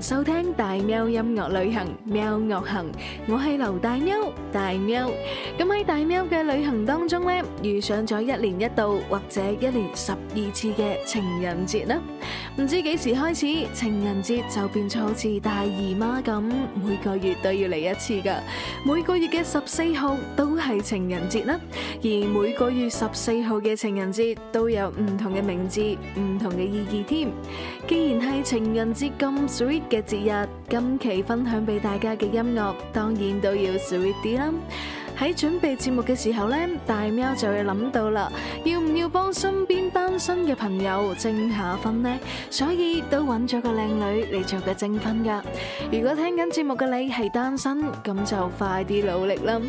收聽大喵音樂旅行，喵樂行，我係劉大喵，大喵咁，喺大喵嘅旅行當中咧，遇上咗一年一度或者一年十二次嘅情人節啦。唔知幾時開始，情人節就變咗好似大姨媽咁，每個月都要嚟一次㗎。每個月嘅十四號都係情人節啦，而每個月十四號嘅情人節都有唔同嘅名字、唔同嘅意義添。既然係情人節咁 sweet 嘅節日，今期分享俾大家嘅音樂當然都要 sweet 啲啦。喺準備節目嘅時候呢，大喵就會諗到啦，要唔要幫身邊單身嘅朋友徵下婚呢？所以都揾咗個靚女嚟做個徵婚噶。如果聽緊節目嘅你係單身，咁就快啲努力啦！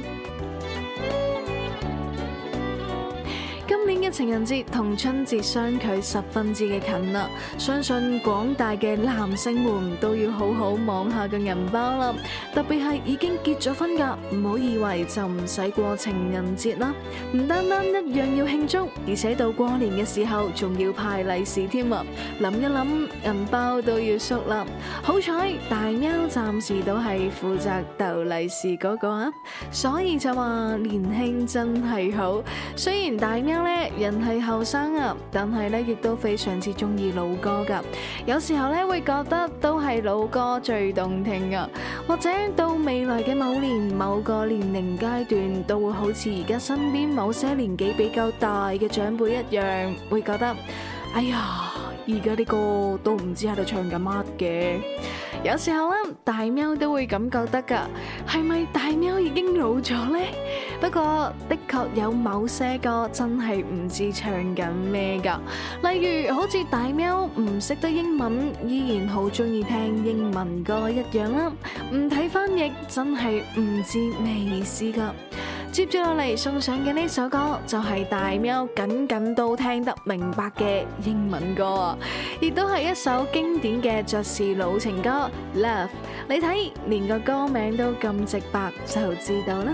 情人節同春節相距十分之嘅近啦，相信廣大嘅男性們都要好好望下個銀包啦。特別係已經結咗婚噶，唔好以為就唔使過情人節啦。唔單單一樣要慶祝，而且到過年嘅時候仲要派利是添啊！諗一諗銀包都要縮啦。好彩大喵暫時都係負責逗利是嗰個啊，所以就話年輕真係好。雖然大喵呢。人係後生啊，但係咧亦都非常之中意老歌噶，有時候咧會覺得都係老歌最動聽啊，或者到未來嘅某年某個年齡階段，都會好似而家身邊某些年紀比較大嘅長輩一樣，會覺得，哎呀。而家啲歌都唔知喺度唱緊乜嘅，有時候啦，大喵都會咁覺得噶，係咪大喵已經老咗呢？不過的確有某些歌真係唔知唱緊咩噶，例如好似大喵唔識得英文，依然好中意聽英文歌一樣啦，唔睇翻譯真係唔知咩意思噶。接住落嚟送上嘅呢首歌就係、是、大喵僅僅都聽得明白嘅英文歌，亦都係一首經典嘅爵士老情歌《Love》。你睇，連個歌名都咁直白，就知道啦。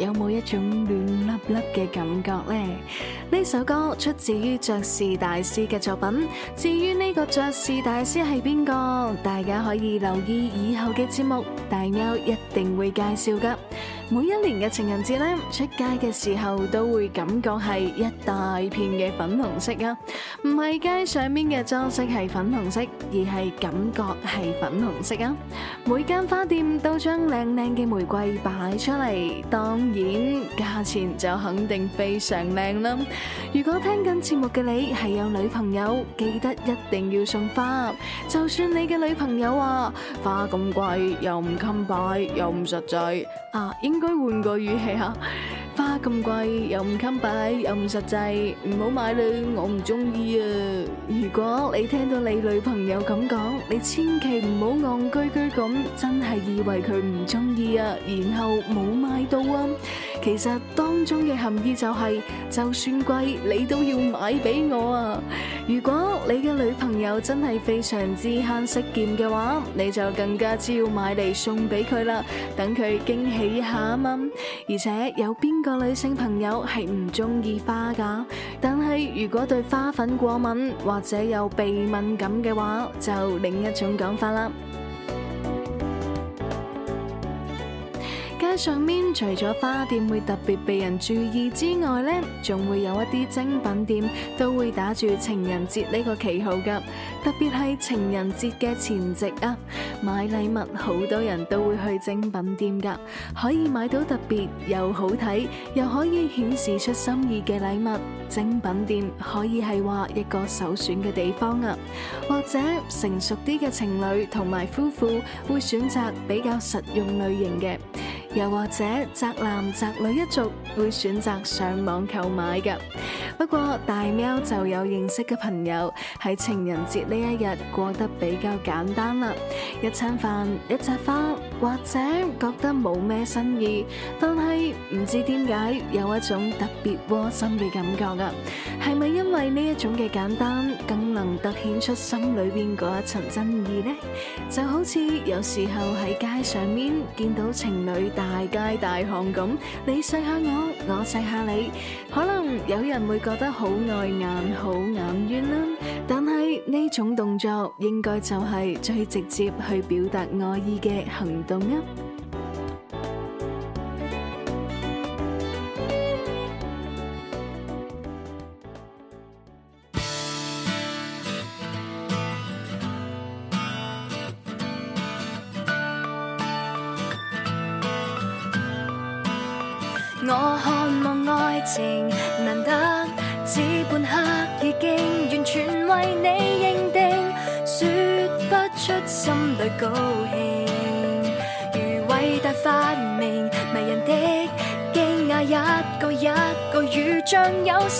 有冇一種暖粒粒嘅感覺呢？呢首歌出自於爵士大師嘅作品。至於呢個爵士大師係邊個，大家可以留意以後嘅節目，大喵一定會介紹㗎。每一年嘅情人節咧，出街嘅時候都會感覺係一大片嘅粉紅色啊！唔係街上面嘅裝飾係粉紅色，而係感覺係粉紅色啊！每間花店都將靚靚嘅玫瑰擺出嚟，當然價錢就肯定非常靚啦！如果聽緊節目嘅你係有女朋友，記得一定要送花。就算你嘅女朋友話花咁貴，又唔襟擺，又唔實在啊，應。應該換個語氣啊！花咁貴，又唔襟擺，又唔實際，唔好買啦，我唔中意啊！如果你聽到你女朋友咁講，你千祈唔好戇居居咁，真係以為佢唔中意啊，然後冇買到啊！其實當中嘅含義就係、是，就算貴你都要買俾我啊！如果你嘅女朋友真係非常之慳識儉嘅話，你就更加之要買嚟送俾佢啦，等佢驚喜一下啊！嘛，而且有邊個女性朋友係唔中意花噶？但係如果對花粉過敏或者有鼻敏感嘅話，就另一種講法啦。街上面除咗花店會特別被人注意之外呢，仲會有一啲精品店都會打住情人節呢個旗號噶。特別係情人節嘅前夕啊，買禮物好多人都會去精品店噶，可以買到特別又好睇，又可以顯示出心意嘅禮物。精品店可以係話一個首選嘅地方啊。或者成熟啲嘅情侶同埋夫婦會選擇比較實用類型嘅。又或者宅男宅女一族會選擇上網購買嘅，不過大喵就有認識嘅朋友喺情人節呢一日過得比較簡單啦，一餐飯一扎花，或者覺得冇咩新意，但係唔知點解有一種特別窩心嘅感覺啊，係咪因為呢一種嘅簡單更能凸顯出心裏邊嗰一層真意咧？就好似有時候喺街上面見到情侶。大街大巷咁，你細下我，我細下你，可能有人會覺得好礙眼、好眼冤啦。但係呢種動作，應該就係最直接去表達愛意嘅行動吖。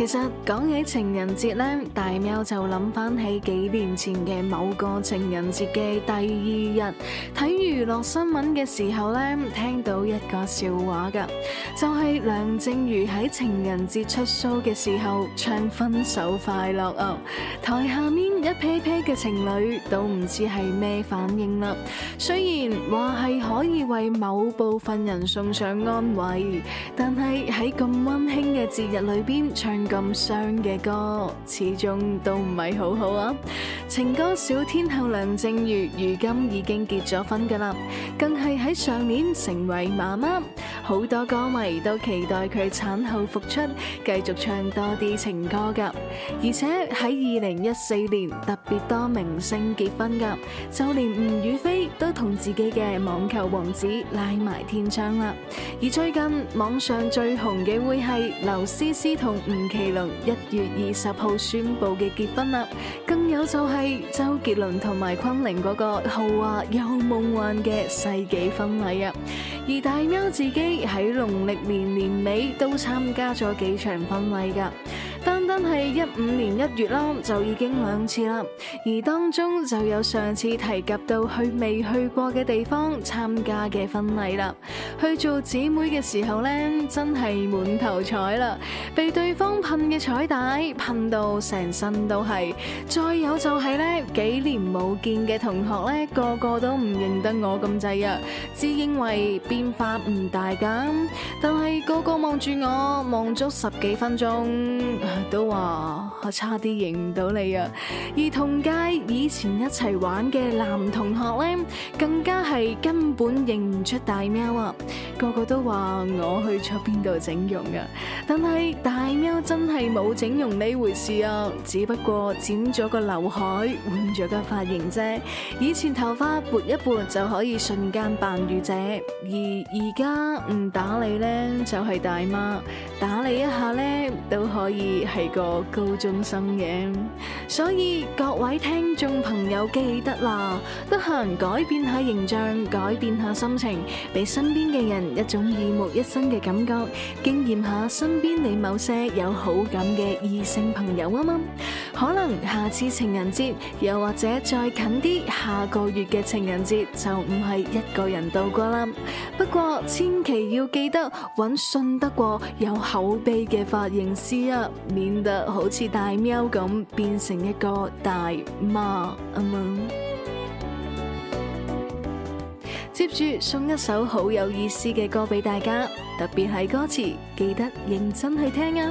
其實講起情人節呢，大喵就諗翻起幾年前嘅某個情人節嘅第二日，睇娛樂新聞嘅時候呢，聽到一個笑話噶，就係、是、梁靜茹喺情人節出 show 嘅時候唱分手快樂啊、哦，台下面一批批嘅情侶都唔知係咩反應啦。雖然話係可以為某部分人送上安慰，但係喺咁温馨嘅節日裏邊唱。咁傷嘅歌，始終都唔係好好啊！情歌小天后梁靜茹，如今已經結咗婚噶啦，更係喺上年成為媽媽，好多歌迷都期待佢產後復出，繼續唱多啲情歌噶。而且喺二零一四年特別多明星結婚噶，就連吳雨霏都同自己嘅網球王子拉埋天窗啦。而最近網上最紅嘅會係劉詩詩同吳奇。一 月二十號宣布嘅結婚啦，更有就係周杰倫同埋昆凌嗰個豪華又夢幻嘅世紀婚禮啊。而大喵自己喺農曆年年尾都參加咗幾場婚禮噶。單單係一五年一月啦，就已經兩次啦，而當中就有上次提及到去未去過嘅地方參加嘅婚禮啦。去做姊妹嘅時候呢，真係滿頭彩啦，被對方噴嘅彩帶噴到成身都係。再有就係呢，幾年冇見嘅同學呢，個個都唔認得我咁滯啊，只認為變化唔大咁，但係個個望住我望足十幾分鐘。都話我差啲認唔到你啊！而同街以前一齊玩嘅男同學咧，更加係根本認唔出大喵啊！個個都話我去咗邊度整容啊！但係大喵真係冇整容呢回事啊，只不過剪咗個劉海，換咗個髮型啫。以前頭髮撥一撥就可以瞬間扮御姐，而而家唔打理咧就係大媽，打理一下咧都可以。係個高中生嘅，所以各位聽眾朋友記得啦，得閒改變下形象，改變下心情，俾身邊嘅人一種耳目一新嘅感覺，驚艷下身邊你某些有好感嘅異性朋友，啊嘛？可能下次情人節，又或者再近啲下個月嘅情人節就唔係一個人度過啦。不過千祈要記得揾信得過、有口碑嘅髮型師啊，免得好似大喵咁變成一個大媽啊嘛。接住送一首好有意思嘅歌俾大家，特別係歌詞，記得認真去聽啊！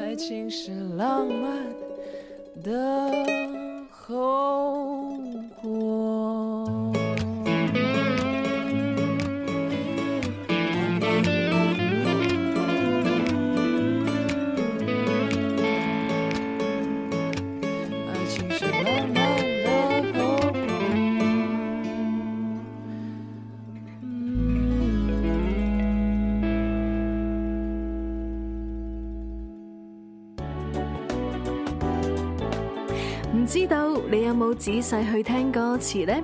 愛情是浪漫的後果。仔細去聽歌詞呢，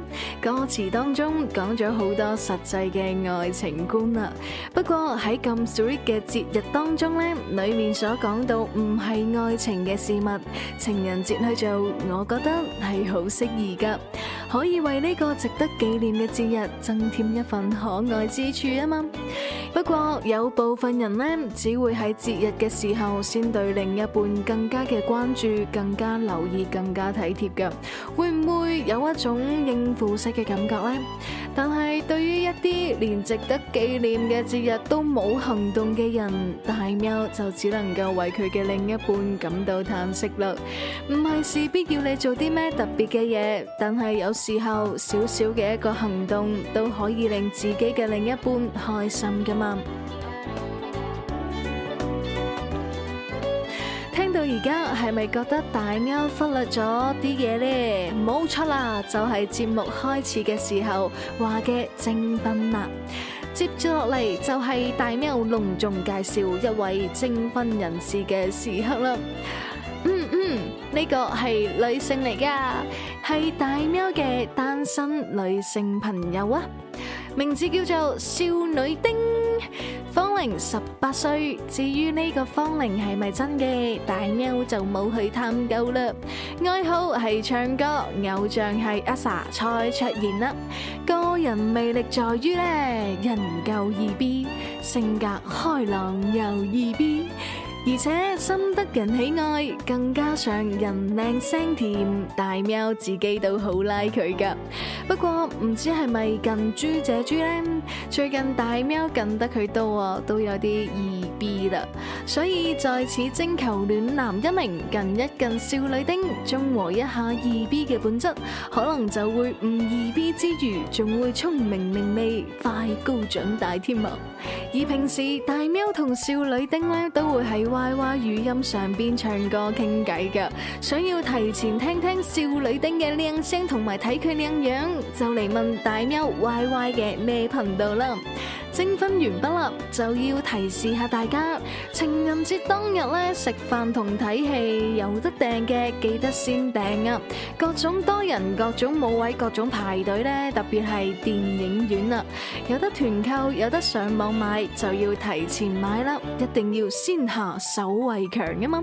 歌詞當中講咗好多實際嘅愛情觀啦。不過喺咁 sweet 嘅節日當中呢，裏面所講到唔係愛情嘅事物，情人節去做，我覺得係好適宜噶。可以為呢個值得紀念嘅節日增添一份可愛之處啊嘛！不過有部分人咧，只會喺節日嘅時候先對另一半更加嘅關注、更加留意、更加體貼嘅，會唔會有一種應付式嘅感覺咧？但係對於一啲連值得紀念嘅節日都冇行動嘅人，大喵就只能夠為佢嘅另一半感到嘆息啦！唔係事必要你做啲咩特別嘅嘢，但係有時時候少少嘅一個行動都可以令自己嘅另一半開心㗎嘛。聽到而家係咪覺得大喵忽略咗啲嘢呢？冇錯啦，就係節目開始嘅時候話嘅徵婚啦。接住落嚟就係大喵隆重介紹一位徵婚人士嘅時刻啦。呢個係女性嚟噶，係大喵嘅單身女性朋友啊，名字叫做少女丁，芳齡十八歲。至於呢個芳齡係咪真嘅，大喵就冇去探究啦。愛好係唱歌，偶像係阿 Sa 蔡卓妍啦。個人魅力在於呢，人夠二 B，性格開朗又二 B。而且深得人喜愛，更加上人靚聲甜，大喵自己都好拉佢噶。不過唔知係咪近朱者朱呢？最近大喵近得佢多啊，都有啲二 B 啦。所以在此徵求暖男一名，近一近少女丁，中和一下二 B 嘅本質，可能就會唔二 B 之餘，仲會聰明伶俐、快高長大添啊！而平時大喵同少女丁咧都會喺 Y Y 語音上邊唱歌傾偈㗎，想要提前聽聽少女丁嘅靚聲同埋睇佢靚樣，就嚟問大喵 Y Y 嘅咩頻道啦。徵婚完畢啦，就要提示下大家，情人節當日咧，食飯同睇戲有得訂嘅，記得先訂啊！各種多人、各種冇位、各種排隊咧，特別係電影院啦，有得團購、有得上網買，就要提前買啦，一定要先下手為強啊嘛！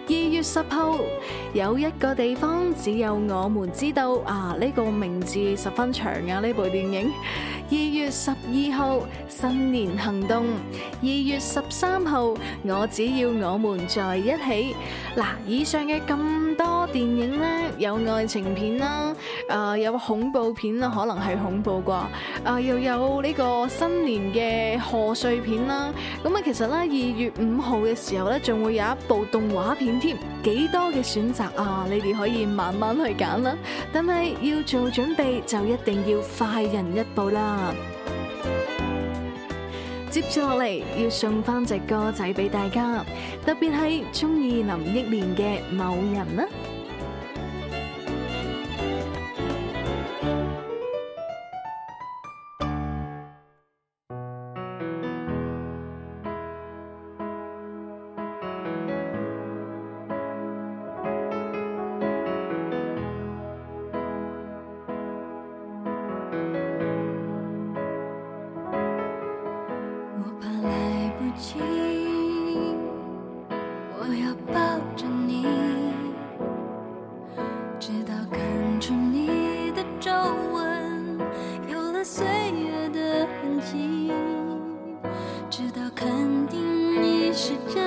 二月十號有一個地方只有我們知道啊！呢個名字十分長啊！呢部電影。二月十二號新年行動，二月十三號我只要我們在一起。嗱，以上嘅咁多電影呢，有愛情片啦，啊有恐怖片啦，可能係恐怖啩，啊又有呢個新年嘅賀歲片啦。咁啊，其實呢，二月五號嘅時候呢，仲會有一部動畫片添，幾多嘅選擇啊！你哋可以慢慢去揀啦。但係要做準備，就一定要快人一步啦！接住落嚟，要送翻隻歌仔俾大家，特別係中意林憶蓮嘅某人啦。是真。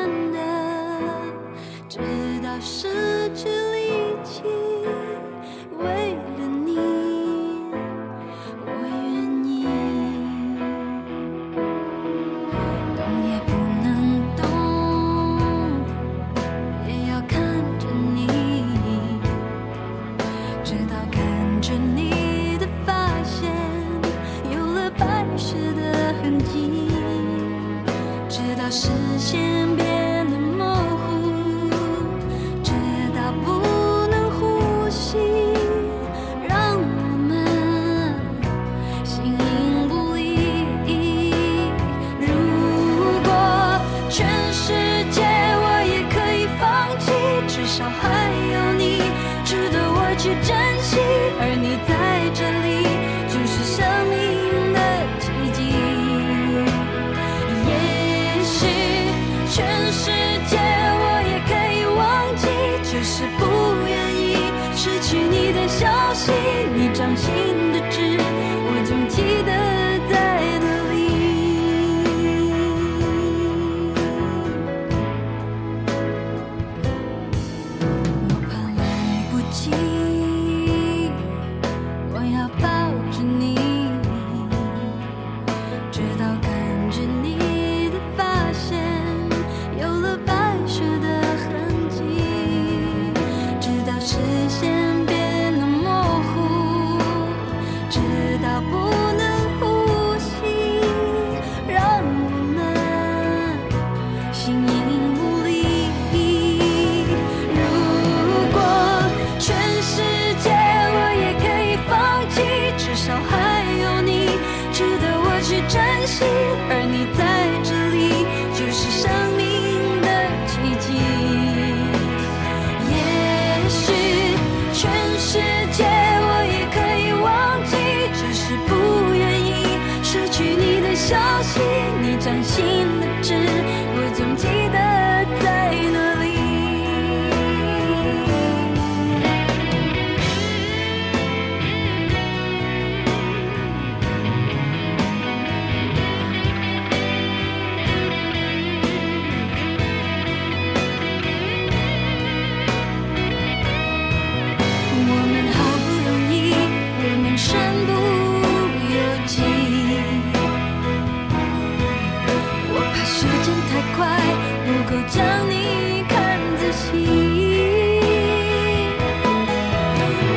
都將你看仔細，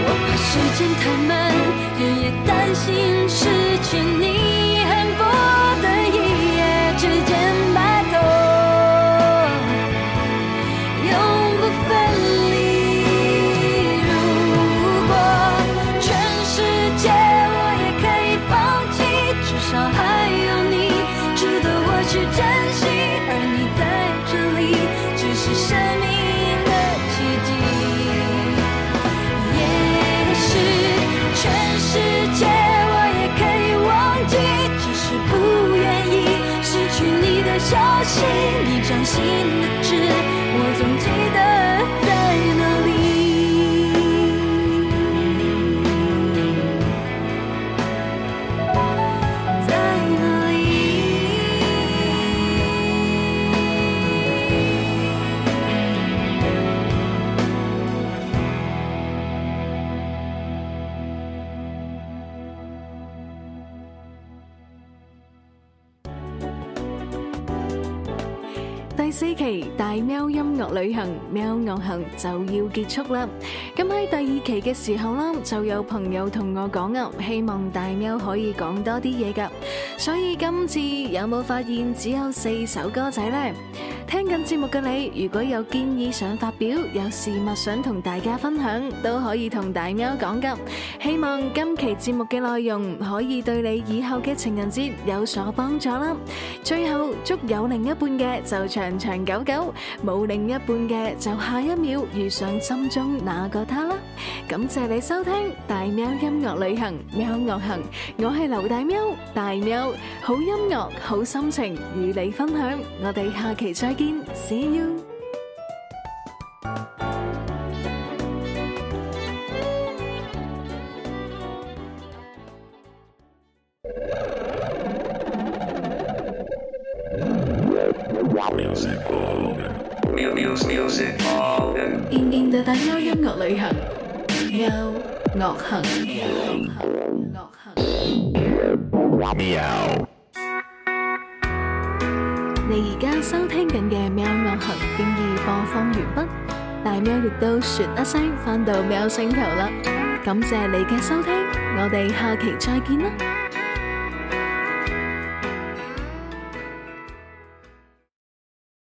我怕時間太慢，日 夜擔心。喵音樂旅行，喵樂行就要結束啦。咁喺第二期嘅時候啦，就有朋友同我講啊，希望大喵可以講多啲嘢噶。所以今次有冇發現只有四首歌仔呢？聽緊節目嘅你，如果有建議想發表，有事物想同大家分享，都可以同大喵講㗎。希望今期節目嘅內容可以對你以後嘅情人節有所幫助啦。最後，祝有另一半嘅就長長久久，冇另一半嘅就下一秒遇上心中那個他啦。感謝你收聽《大喵音樂旅行》，喵樂行，我係劉大喵，大喵，好音樂，好心情與你分享，我哋下期再見，See you。翻到喵星球啦！感謝你嘅收聽，我哋下期再見啦～